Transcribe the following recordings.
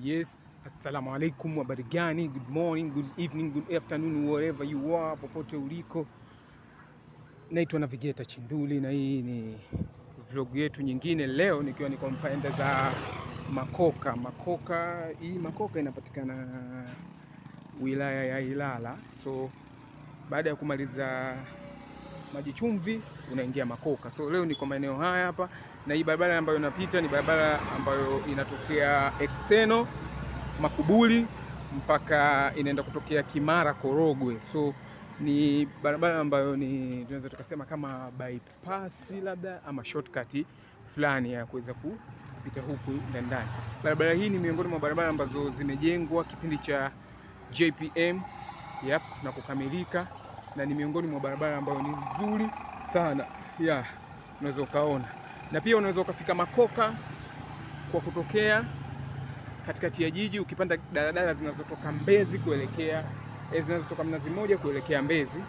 Yes, assalamu alaikum, habari gani? Good morning, good evening, good afternoon, wherever you are, popote uliko. Naitwa Navigator Chinduli na hii ni vlog yetu nyingine leo, nikiwa niko mpaenda za Makoka. Makoka hii Makoka inapatikana wilaya ya Ilala, so baada ya kumaliza maji chumvi, unaingia Makoka. So leo niko maeneo haya hapa, na hii barabara ambayo inapita ni barabara ambayo inatokea external Makubuli mpaka inaenda kutokea Kimara Korogwe. So ni barabara ambayo ni tunaweza tukasema kama bypass labda ama shortcut fulani ya kuweza kupita huku ndani. Barabara hii ni miongoni mwa barabara ambazo zimejengwa kipindi cha JPM yep, na kukamilika na ni miongoni mwa barabara ambayo ni nzuri sana ya unaweza ukaona, na pia unaweza ukafika Makoka kwa kutokea katikati ya jiji ukipanda daladala zinazotoka Mbezi kuelekea eh, zinazotoka Mnazi Mmoja kuelekea Mbezi,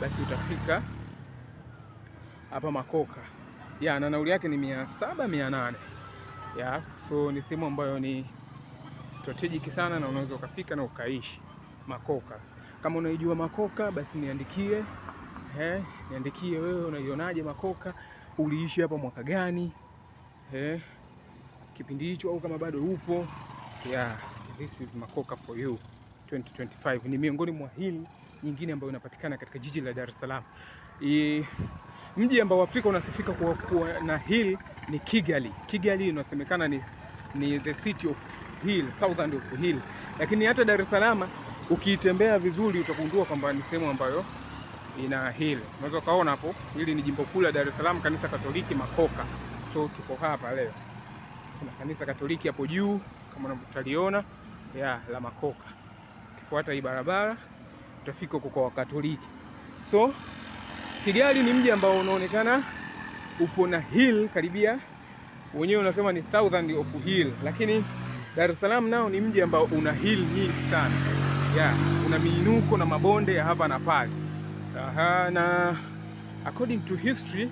basi utafika hapa Makoka ya na nauli yake ni mia saba mia nane ya so ni sehemu ambayo ni strategic sana na unaweza ukafika na ukaishi Makoka. Kama unaijua Makoka basi niandikie, eh, niandikie wewe unaionaje Makoka, uliishi hapa mwaka gani, eh, kipindi hicho au kama bado upo. Yeah, this is Makoka for you 2025 ni miongoni mwa hili nyingine ambayo inapatikana katika jiji la Dar es Salaam. E, mji ambao Afrika unasifika kwa kuwa na hili ni Kigali. Kigali inasemekana ni, ni the city of hill, southern of hill, lakini hata Dar es Salaam ukiitembea vizuri utagundua kwamba ni sehemu ambayo ina hili. Unaweza ukaona hapo, hili ni jimbo kuu la Dar es Salaam, kanisa Katoliki Makoka. So tuko hapa leo, kuna kanisa Katoliki hapo juu kama unavyotaliona ya la Makoka. Ukifuata hii barabara utafika huko kwa Wakatoliki. So Kigali ni mji ambao unaonekana upo na hill karibia, wenyewe unasema ni thousand of hill, lakini Dar es Salaam nao ni mji ambao una hill nyingi sana yeah, kuna miinuko na mabonde ya hapa na pale na according to history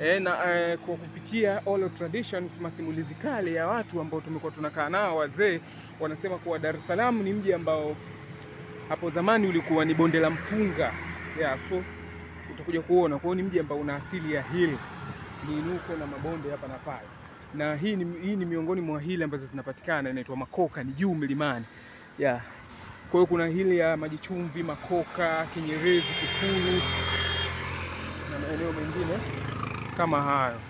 eh, na eh, kwa kupitia oral traditions, masimulizi kale ya watu ambao tumekuwa tunakaa nao wazee, wanasema kuwa Dar es Salaam ni mji ambao hapo zamani ulikuwa ni bonde la mpunga yeah, so utakuja kuona. Kwa ni mji ambao una asili ya hili miinuko na mabonde hapa na pale, na hii ni, hii ni miongoni mwa hili ambazo zinapatikana, inaitwa Makoka, ni juu milimani yeah. Kwa hiyo kuna hili ya maji chumvi, Makoka, Kinyerezi, Kifulu na maeneo mengine kama hayo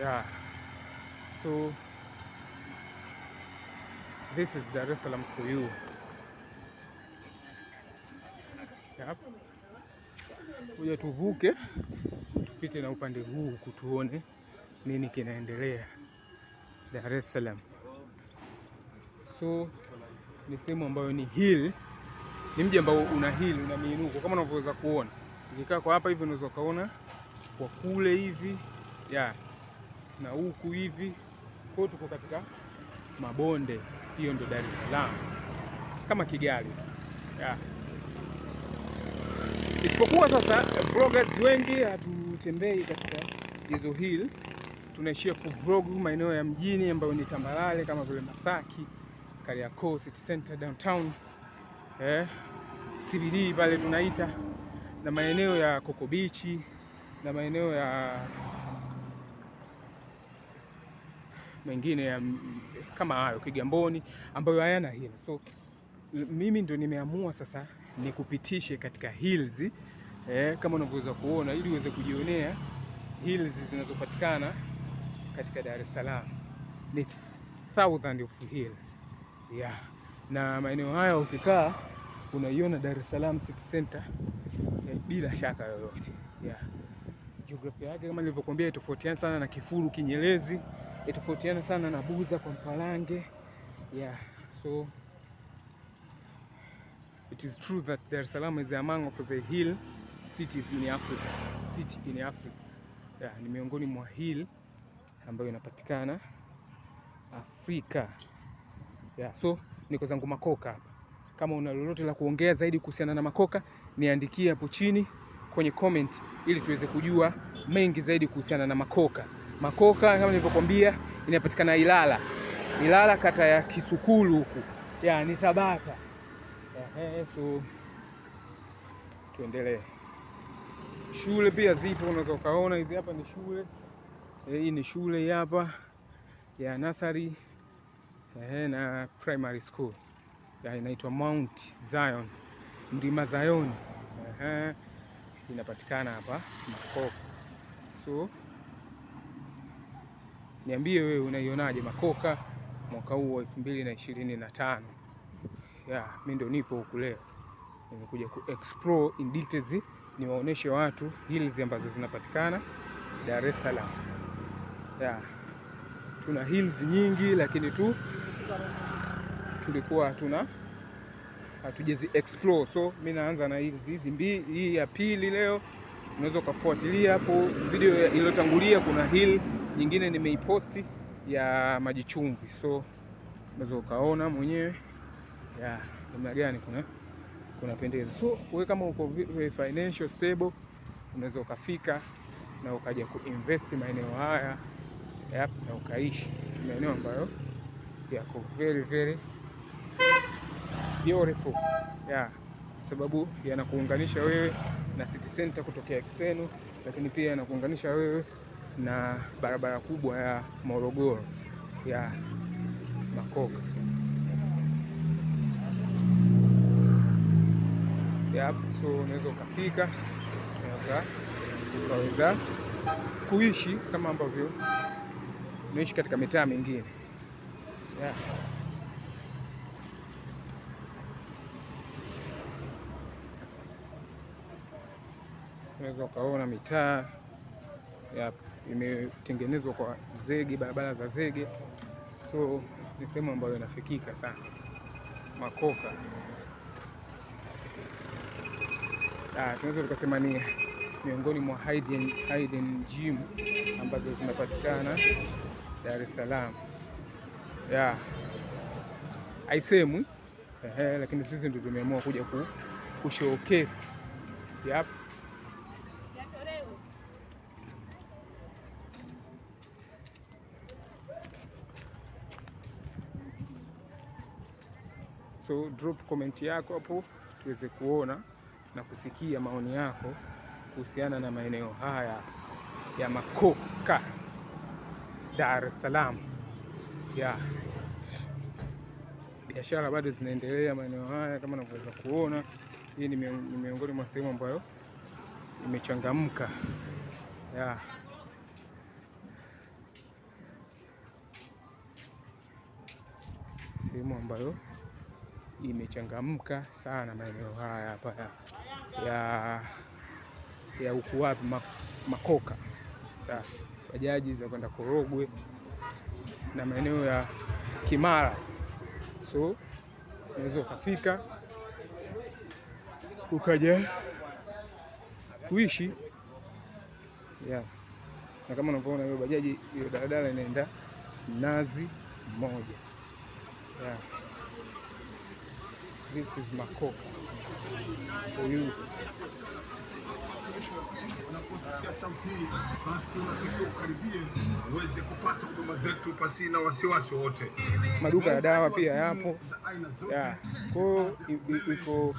yeah. So this is Dar es Salaam for you yep. Kuja tuvuke tupite na upande huu kutuone nini kinaendelea Dar es Salaam so ni sehemu ambayo ni hill, ni mji ambao una hill, una miinuko kama unavyoweza kuona. Ukikaa kwa hapa hivi unaweza ukaona kwa kule hivi ya na huku hivi, kwa tuko katika mabonde. Hiyo ndio Dar es Salaam kama Kigali ya. Isipokuwa sasa vloggers wengi hatutembei katika hizo Hill, tunaishia kuvlog maeneo ya mjini ambayo ni tambarare kama vile Masaki Kariakoo City Center downtown eh, CBD pale tunaita na maeneo ya Coco Beach na maeneo ya mengine ya kama hayo Kigamboni ambayo hayana hili. So mimi ndo nimeamua sasa nikupitishe katika hills eh, kama unavyoweza kuona ili uweze kujionea hills zinazopatikana katika Dar es Salaam ni thousand of hills yeah. Na maeneo haya ukikaa unaiona Dar es Salaam City Center bila shaka yoyote yeah. Jiografia yake kama nilivyokuambia itofautiana sana na Kifuru Kinyerezi, itofautiana sana na Buza kwa Mpalange yeah. So it is true that Dar es Salaam is among of the hill cities in Africa. City in Africa. Yeah, ni miongoni mwa hill ambayo inapatikana Afrika yeah, so niko zangu Makoka hapa. Kama una lolote la kuongea zaidi kuhusiana na Makoka niandikie hapo chini kwenye comment, ili tuweze kujua mengi zaidi kuhusiana na Makoka. Makoka kama nilivyokuambia inapatikana Ilala, Ilala kata ya Kisukulu huku yeah, ni Tabata yeah, hey, so tuendelee. Shule pia zipo, unaweza ukaona hizi hapa ni shule eh, hii, e, ni shule hapa ya nasari eh, na primary school inaitwa Mount Zion, mlima Zion eh, inapatikana hapa Makoko. So niambie wewe unaionaje Makoka mwaka huu wa elfu mbili na ishirini na tano? Yeah, mimi ndo nipo huku leo, nimekuja ku explore in details, niwaoneshe watu hills ambazo zinapatikana Dar es Salaam. Yeah, tuna hills nyingi lakini tu tulikuwa hatuna hatujezi explore. So mi naanza na hizi hizi mbili, hii ya pili leo. Unaweza ukafuatilia hapo video iliyotangulia, kuna hill nyingine nimeiposti ya maji chumvi, so unaweza ukaona mwenyewe ya namna gani kuna kunapendeza. So wewe kama uko eh, financial stable, unaweza ukafika na ukaja kuinvest maeneo haya yep, na ukaishi maeneo ambayo yako very very beautiful yeah, sababu yanakuunganisha wewe na city center kutokea external, lakini pia yanakuunganisha wewe na barabara kubwa ya Morogoro ya Makoka yep. So unaweza ukafika ukaweza kuishi kama ambavyo unaishi katika mitaa mingine. Yeah. Unaweza ukaona mitaa imetengenezwa kwa zege, barabara za zege, so ni sehemu ambayo inafikika sana Makoka. Ah, tunaweza tukasema ni miongoni mwa hidden gym ambazo zinapatikana Dar es Salaam yeah. haisemwi eh, lakini sisi ndio tumeamua kuja ku, ku showcase yep. So drop comment yako hapo tuweze kuona na kusikia maoni yako kuhusiana na maeneo haya ya Makoka Dar es Salaam ya biashara bado zinaendelea maeneo haya kama unavyoweza kuona. Hii ni miongoni mwa sehemu ambayo imechangamka ya sehemu ambayo imechangamka sana maeneo haya hapa ya ya huku wapi Makoka, bajaji za kwenda Korogwe na maeneo ya Kimara, so unaweza ukafika ukaja kuishi yeah. Na kama unavyoona hiyo bajaji, hiyo daladala inaenda nazi moja yeah. This is Makoka for you. Unaposikia sauti basi unatakiwa ukaribie uweze kupata huduma zetu pasi na wasiwasi wote. Maduka ya dawa pia yapo, kwa hiyo iko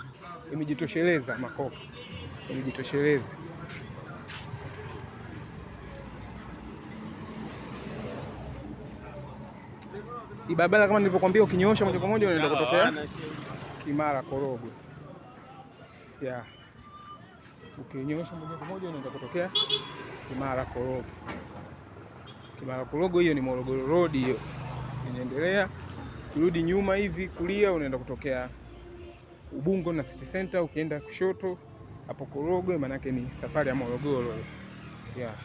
imejitosheleza. Makopo imejitosheleza. Barabara kama nilivyokuambia, ukinyoosha moja kwa moja unaenda kutokea Kimara Korogwe, yeah ukinyosha moja kwa moja unaenda kutokea Kimara Korogo. Kimara Korogo hiyo ni Morogoro Road, hiyo inaendelea kurudi nyuma hivi kulia, unaenda kutokea Ubungo na City Center. Ukienda kushoto hapo Korogwe, maanake ni safari ya Morogoro yeah.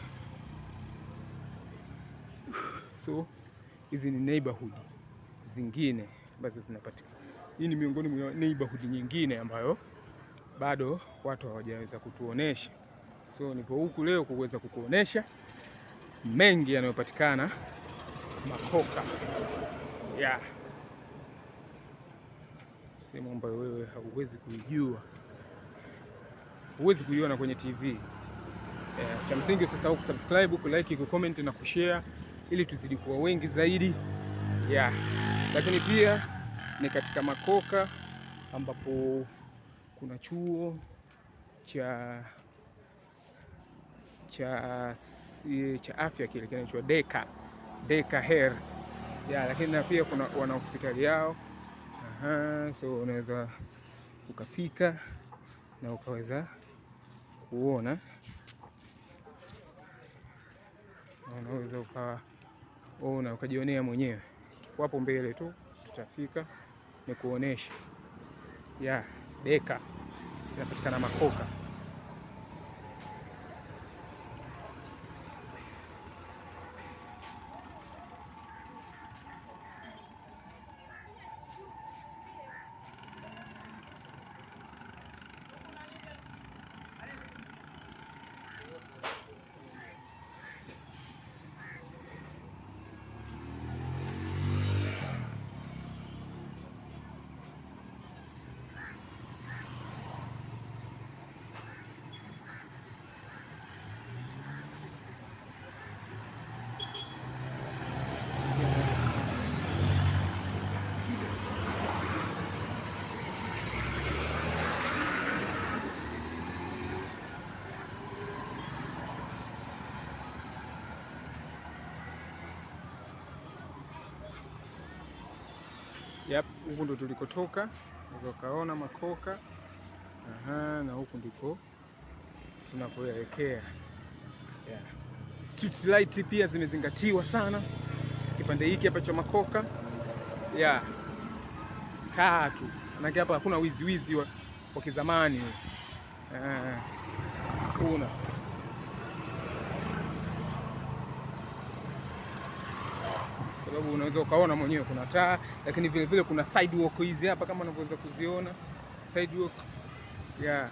So hizi ni neighborhood zingine ambazo zinapatikana. Hii ni miongoni mwa neighborhood nyingine ambayo bado watu hawajaweza kutuonesha, so nipo huku leo kuweza kukuonesha mengi yanayopatikana Makoka yeah. Sehemu ambayo wewe hauwezi kuijua, huwezi kuiona kwenye TV yeah. Cha msingi usisahau kusubscribe, ku comment na kushare ili tuzidi kuwa wengi zaidi yeah. Lakini pia ni katika Makoka ambapo kuna chuo cha cha, cha afya kile kinachoitwa Deka Deka Her ya, lakini na pia kuna wana hospitali yao. Aha, so unaweza ukafika na ukaweza kuona, unaweza ukaona ukajionea mwenyewe. Wapo mbele tu, tutafika nikuonesha ya deka inapatikana Makoka. huku ndo tulikotoka, ukaona Makoka. Aha, na huku ndiko tunakoelekea. Yeah. Street light pia zimezingatiwa sana kipande hiki hapa cha Makoka. Yeah. Tatu. Manake hapa hakuna wiziwizi wa, wa kizamani. Ah. Kuna sababu unaweza ukaona mwenyewe kuna taa, lakini vile vile kuna sidewalk hizi hapa kama unavyoweza kuziona sidewalk ya yeah,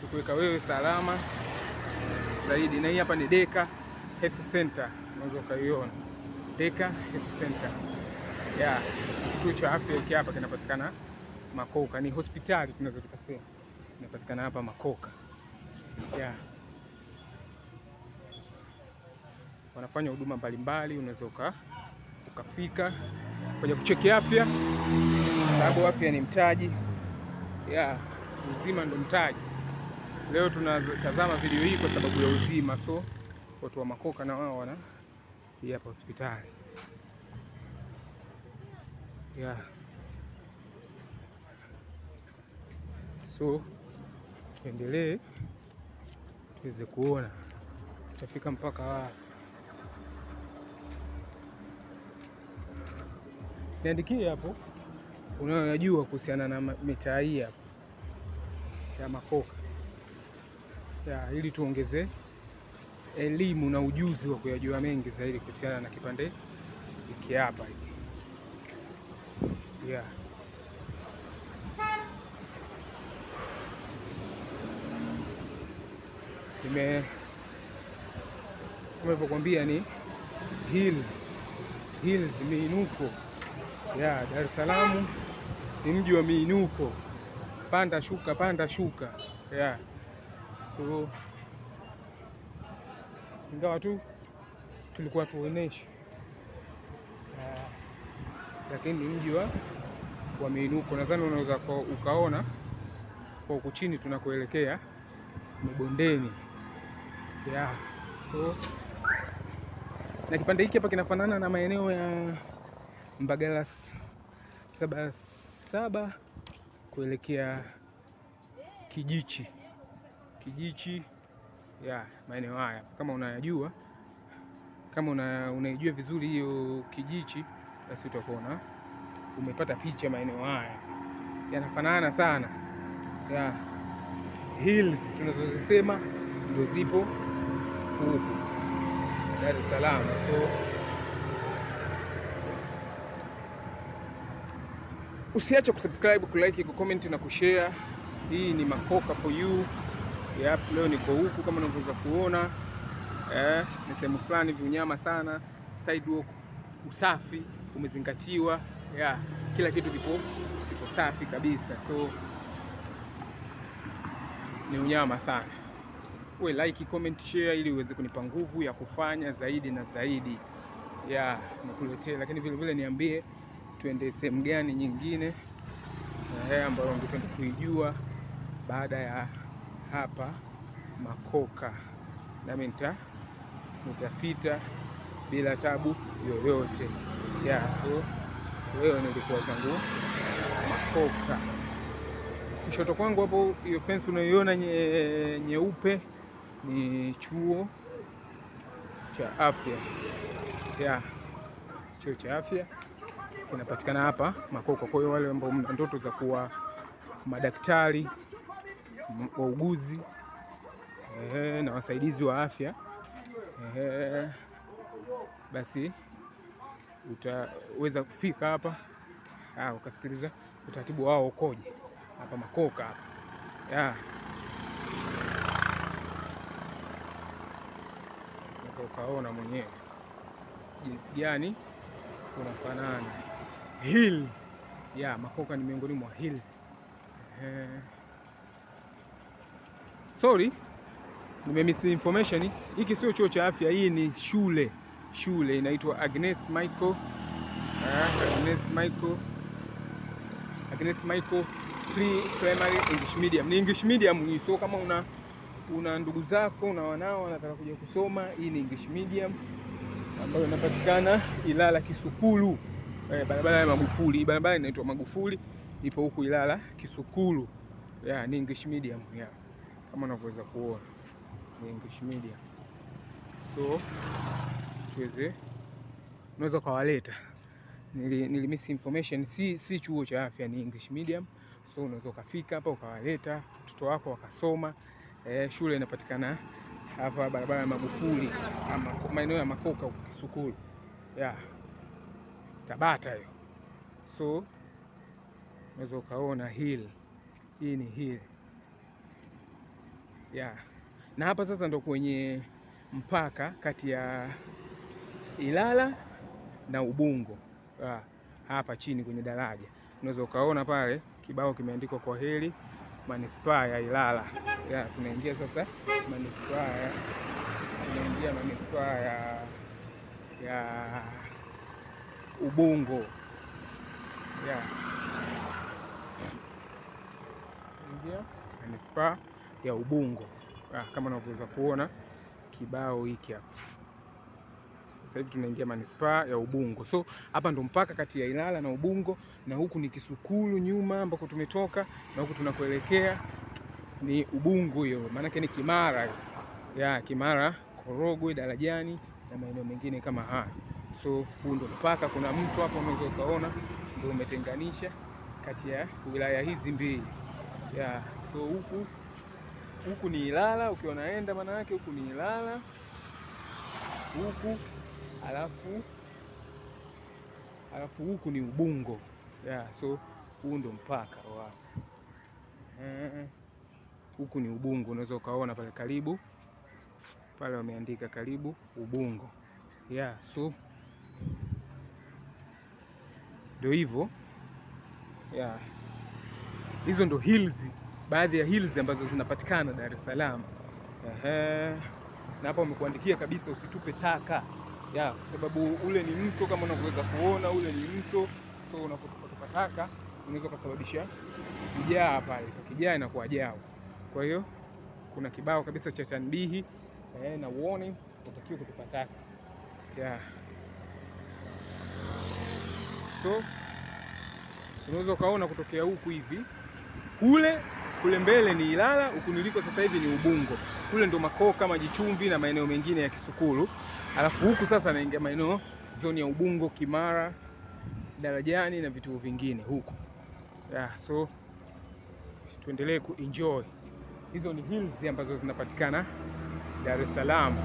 kukuweka wewe salama zaidi. Na hii hapa ni Deka Health Center, unaweza ukaiona Deka Health Center ya yeah, kituo cha afya hiki hapa kinapatikana Makoka, ni hospitali tunaweza tukasema inapatikana hapa Makoka yeah. Wanafanya huduma mbalimbali, unaweza uka ukafika kwenye kucheki afya, sababu afya ni mtaji yeah, uzima ndo mtaji. Leo tunatazama video hii kwa sababu ya uzima, so watu wa Makoka na wao wana hii hapa hospitali yeah. So tuendelee tuweze kuona tutafika mpaka wapi. Niandikie hapo unayojua kuhusiana na mitaa hii hapo ya Makoka ya, ili tuongeze elimu na ujuzi wa kuyajua mengi zaidi kuhusiana na kipande hiki hapa hiki ya ime kama ni hills hills miinuko ya Dar es Salaam ni mji wa miinuko, panda shuka, panda shuka ya so, ingawa tu tulikuwa tuoneshe, lakini ni mji wa wa miinuko. Nadhani unaweza ukaona kwa huku chini tunakoelekea ni bondeni ya so, na kipande hiki hapa kinafanana na maeneo ya Mbagala Sabasaba kuelekea Kijichi. Kijichi ya maeneo haya, kama unayajua, kama una, unaijua vizuri hiyo Kijichi, basi utakuona umepata picha. Maeneo haya yanafanana sana ya hills tunazozisema ndio zipo huku Dar es Salaam so Usiache kusubscribe, kulike, kucomment na kushare. Hii ni Makoka for you. Yep, leo niko huku kama unavyoweza kuona eh, ni sehemu fulani vinyama sana, sidewalk usafi umezingatiwa yeah, kila kitu kipo kipo safi kabisa, so ni unyama sana. Uwe like, comment, share ili uweze kunipa nguvu ya kufanya zaidi na zaidi ya yeah, nakuletea, lakini vilevile niambie tuende sehemu gani nyingine ambayo ungependa kuijua baada ya hapa Makoka, nami nitapita bila tabu yoyote ya so leo nilikuwa zangu Makoka. Kushoto kwangu hapo, hiyo fence unayoiona nyeupe nye ni chuo cha afya ya chuo cha afya kinapatikana hapa Makoko. Kwa hiyo wale ambao mna ndoto za kuwa madaktari, wauguzi ehe, na wasaidizi wa afya ehe, basi utaweza kufika hapa ah, ukasikiliza utaratibu wao ukoje hapa Makoka hapa ya ukaona mwenyewe jinsi gani unafanana hills. Yeah, Makoka ni miongoni mwa hills. Uh, sorry misinformation. Hiki sio chuo cha afya, hii ni shule. Shule inaitwa Agnes Michael, uh, Agnes Michael, Agnes Michael Pre Primary English Medium. Ni English Medium hii, so kama una una ndugu zako una wanao wanataka kuja kusoma. Hii ni English Medium ambayo inapatikana Ilala Kisukulu. Eh, barabara ya Magufuli. Barabara inaitwa Magufuli, ipo huku Ilala kisukulu Yeah, ni English medium yeah. Kama unavyoweza kuona ni English medium, so tuweze unaweza ukawaleta. miss information, si, si chuo cha afya, ni English medium, so unaweza ukafika hapa ukawaleta watoto wako wakasoma. Eh, shule inapatikana hapa barabara ya Magufuli, maeneo ya Makoka kisukulu yeah. Tabata hiyo. So unaweza ukaona hill hii ni hill yeah. Na hapa sasa ndo kwenye mpaka kati ya Ilala na Ubungo ah, hapa chini kwenye daraja unaweza ukaona pale kibao kimeandikwa kwa heli manispaa ya Ilala yeah. Tunaingia sasa manispaa ya tunaingia manispaa ya, ya ubungo yeah. Ingia ni spa ya Ubungo ah, kama unavyoweza kuona kibao hiki hapa. Sasa hivi tunaingia manispaa ya Ubungo. So hapa ndo mpaka kati ya Ilala na Ubungo, na huku ni Kisukulu nyuma ambako tumetoka, na huku tunakuelekea ni Ubungo hiyo, maanake ni Kimara ya Kimara, Korogwe, Darajani na maeneo mengine kama haya. So huu ndo mpaka, kuna mtu hapo unaweza ukaona ndio umetenganisha kati ya wilaya hizi mbili yeah. So huku huku ni Ilala, ukiwa naenda maana yake huku ni Ilala huku, alafu alafu huku ni Ubungo yeah. So huu ndo mpaka wa huku ni Ubungo, unaweza ukaona pale karibu pale wameandika karibu Ubungo yeah, so ndio hivyo yeah. Hizo ndo hills, baadhi ya hills ambazo zinapatikana Dar es Salaam. Ehe. Na hapa wamekuandikia kabisa usitupe taka yeah, kwa sababu ule ni mto kama unavyoweza kuona, ule ni mto so unapotupa taka unaweza ukasababisha kijaa pale, kijaa inakuwa jao. Kwa hiyo kuna kibao kabisa cha tanbihi eh, na warning, utakiwa kutupa taka yeah. So unaweza ukaona kutokea huku hivi kule kule mbele ni Ilala, huku niliko sasa hivi ni Ubungo, kule ndo Makoka, Majichumvi na maeneo mengine ya Kisukulu, alafu huku sasa naingia maeneo zoni ya Ubungo, Kimara, Darajani na vituo vingine huku yeah, so tuendelee kuenjoy. Hizo ni hills ambazo zinapatikana Dar es Salaam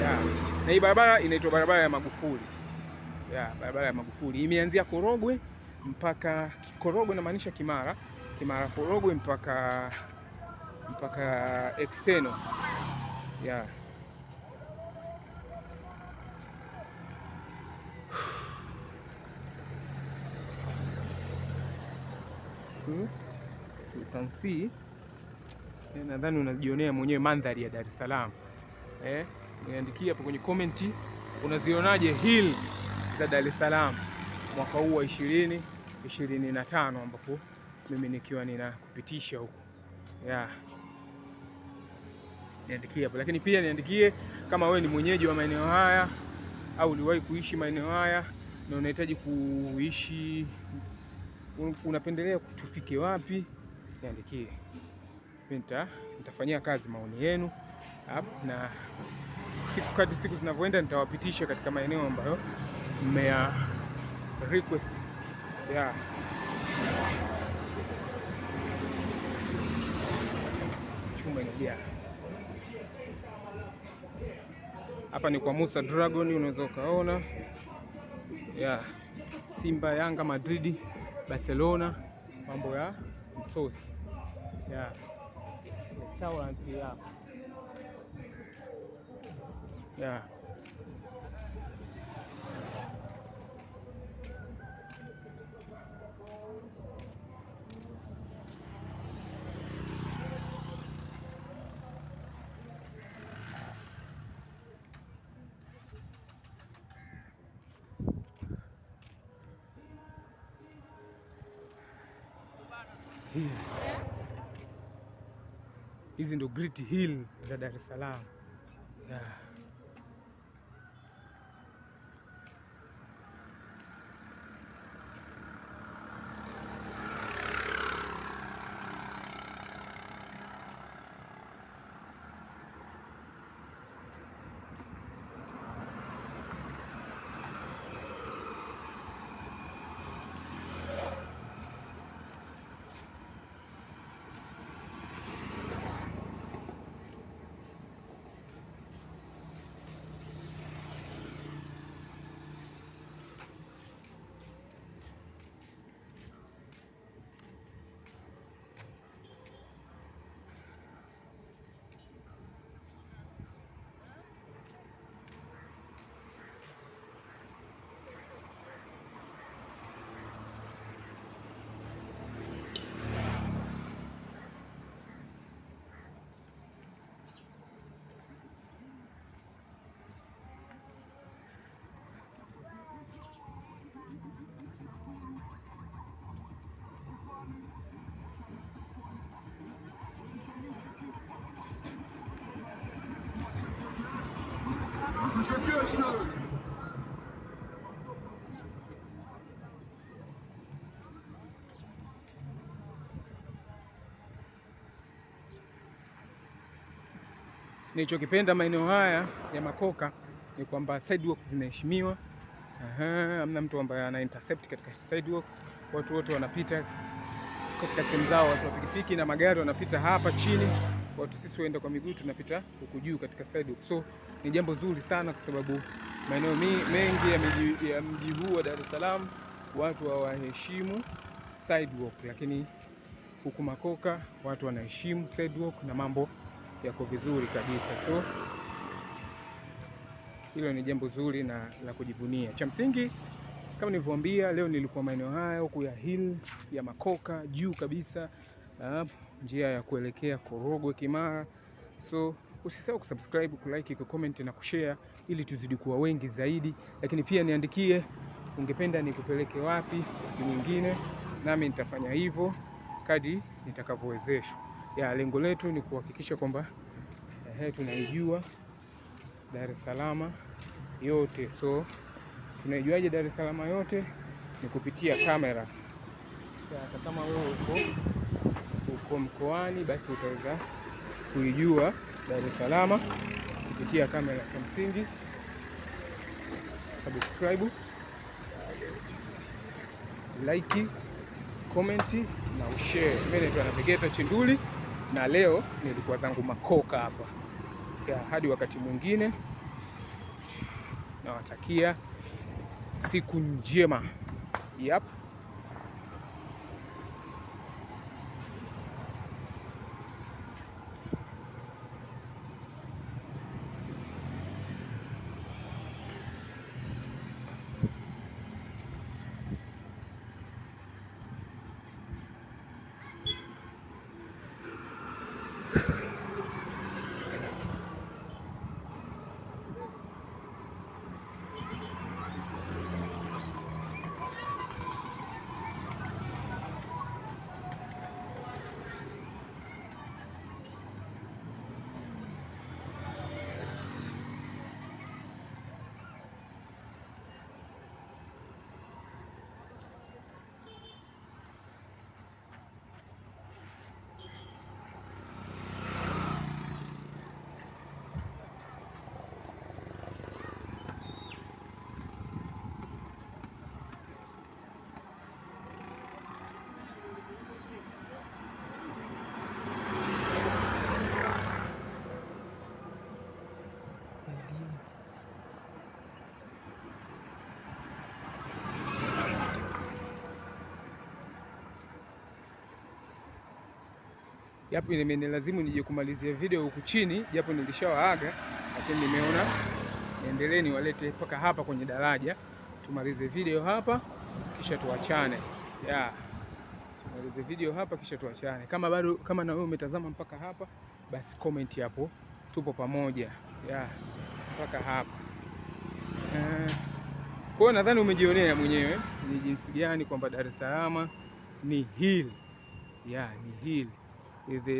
yeah. Na hii barabara inaitwa barabara ya Magufuli ya barabara ya Magufuli imeanzia Korogwe mpaka Korogwe, namaanisha Kimara, Kimara Korogwe mpaka mpaka external ya hmm. You can see nadhani unajionea mwenyewe mandhari ya Dar es Salaam. Eh, niandikie hapo kwenye komenti unazionaje hill za Dar es Salaam mwaka huu wa 20 25 ambapo mimi nikiwa ninakupitisha huko yeah. Niandikie hapo, lakini pia niandikie kama wewe ni mwenyeji wa maeneo haya au uliwahi kuishi maeneo haya na unahitaji kuishi, unapendelea tufike wapi? Niandikie, nitafanyia kazi maoni yenu na siku kadri siku zinavyoenda nitawapitisha katika maeneo ambayo mea request yeah. Chuma inajaa hapa, ni kwa Musa Dragon, unaweza ukaona yeah. Simba, Yanga, Madridi, Barcelona, mambo ya msosi yeah. restaurant hapa yeah. Hizi ndo Great Hill za Dar es Salaam yeah. Küçük yaşlı. Nilichokipenda maeneo haya ya Makoka ni kwamba sidewalk zinaheshimiwa. Hamna mtu ambaye ana intercept katika sidewalk. Watu wote wanapita katika sehemu zao, watu wa pikipiki na magari wanapita hapa chini watu sisi waenda kwa miguu tunapita huku juu katika side so ni jambo zuri sana kwa sababu maeneo mengi ya mji huu wa Dar es Salaam watu hawaheshimu sidewalk, lakini huku Makoka watu wanaheshimu sidewalk na mambo yako vizuri kabisa. So hilo ni jambo zuri na la kujivunia. Cha msingi kama nilivyoambia, leo nilikuwa maeneo haya huku ya hill ya Makoka juu kabisa uh, njia ya kuelekea Korogwe Kimara. So usisahau kusubscribe, kulike, kucomment na kushare ili tuzidi kuwa wengi zaidi, lakini pia niandikie ungependa nikupeleke wapi siku nyingine, nami nitafanya hivyo kadi nitakavyowezeshwa. Ya lengo letu ni kuhakikisha kwamba eh, tunaijua Dar es Salaam yote. So tunaijuaje Dar es Salaam yote? Ni kupitia kamera. Hata kama wewe uko upo mkoani, basi utaweza kuijua Dar es Salaam kupitia kamera. Cha msingi subscribe, like, comment na ushare. Mimi naitwa Navigator Chinduli na leo nilikuwa zangu Makoka hapa. Hadi wakati mwingine, nawatakia siku njema. Yap. japo imenilazimu nije kumalizia video huku chini, japo nilishawaaga, lakini nimeona niendelee niwalete mpaka hapa kwenye daraja, tumalize video hapa kisha tuachane yeah. Tumalize video hapa kisha tuachane. Kama bado kama na wewe umetazama mpaka hapa, basi comment hapo, tupo pamoja yeah. Mpaka hapa uh, kwa hiyo nadhani umejionea mwenyewe ni jinsi gani kwamba Dar es Salaam ni hili. yeah, ni hili. இது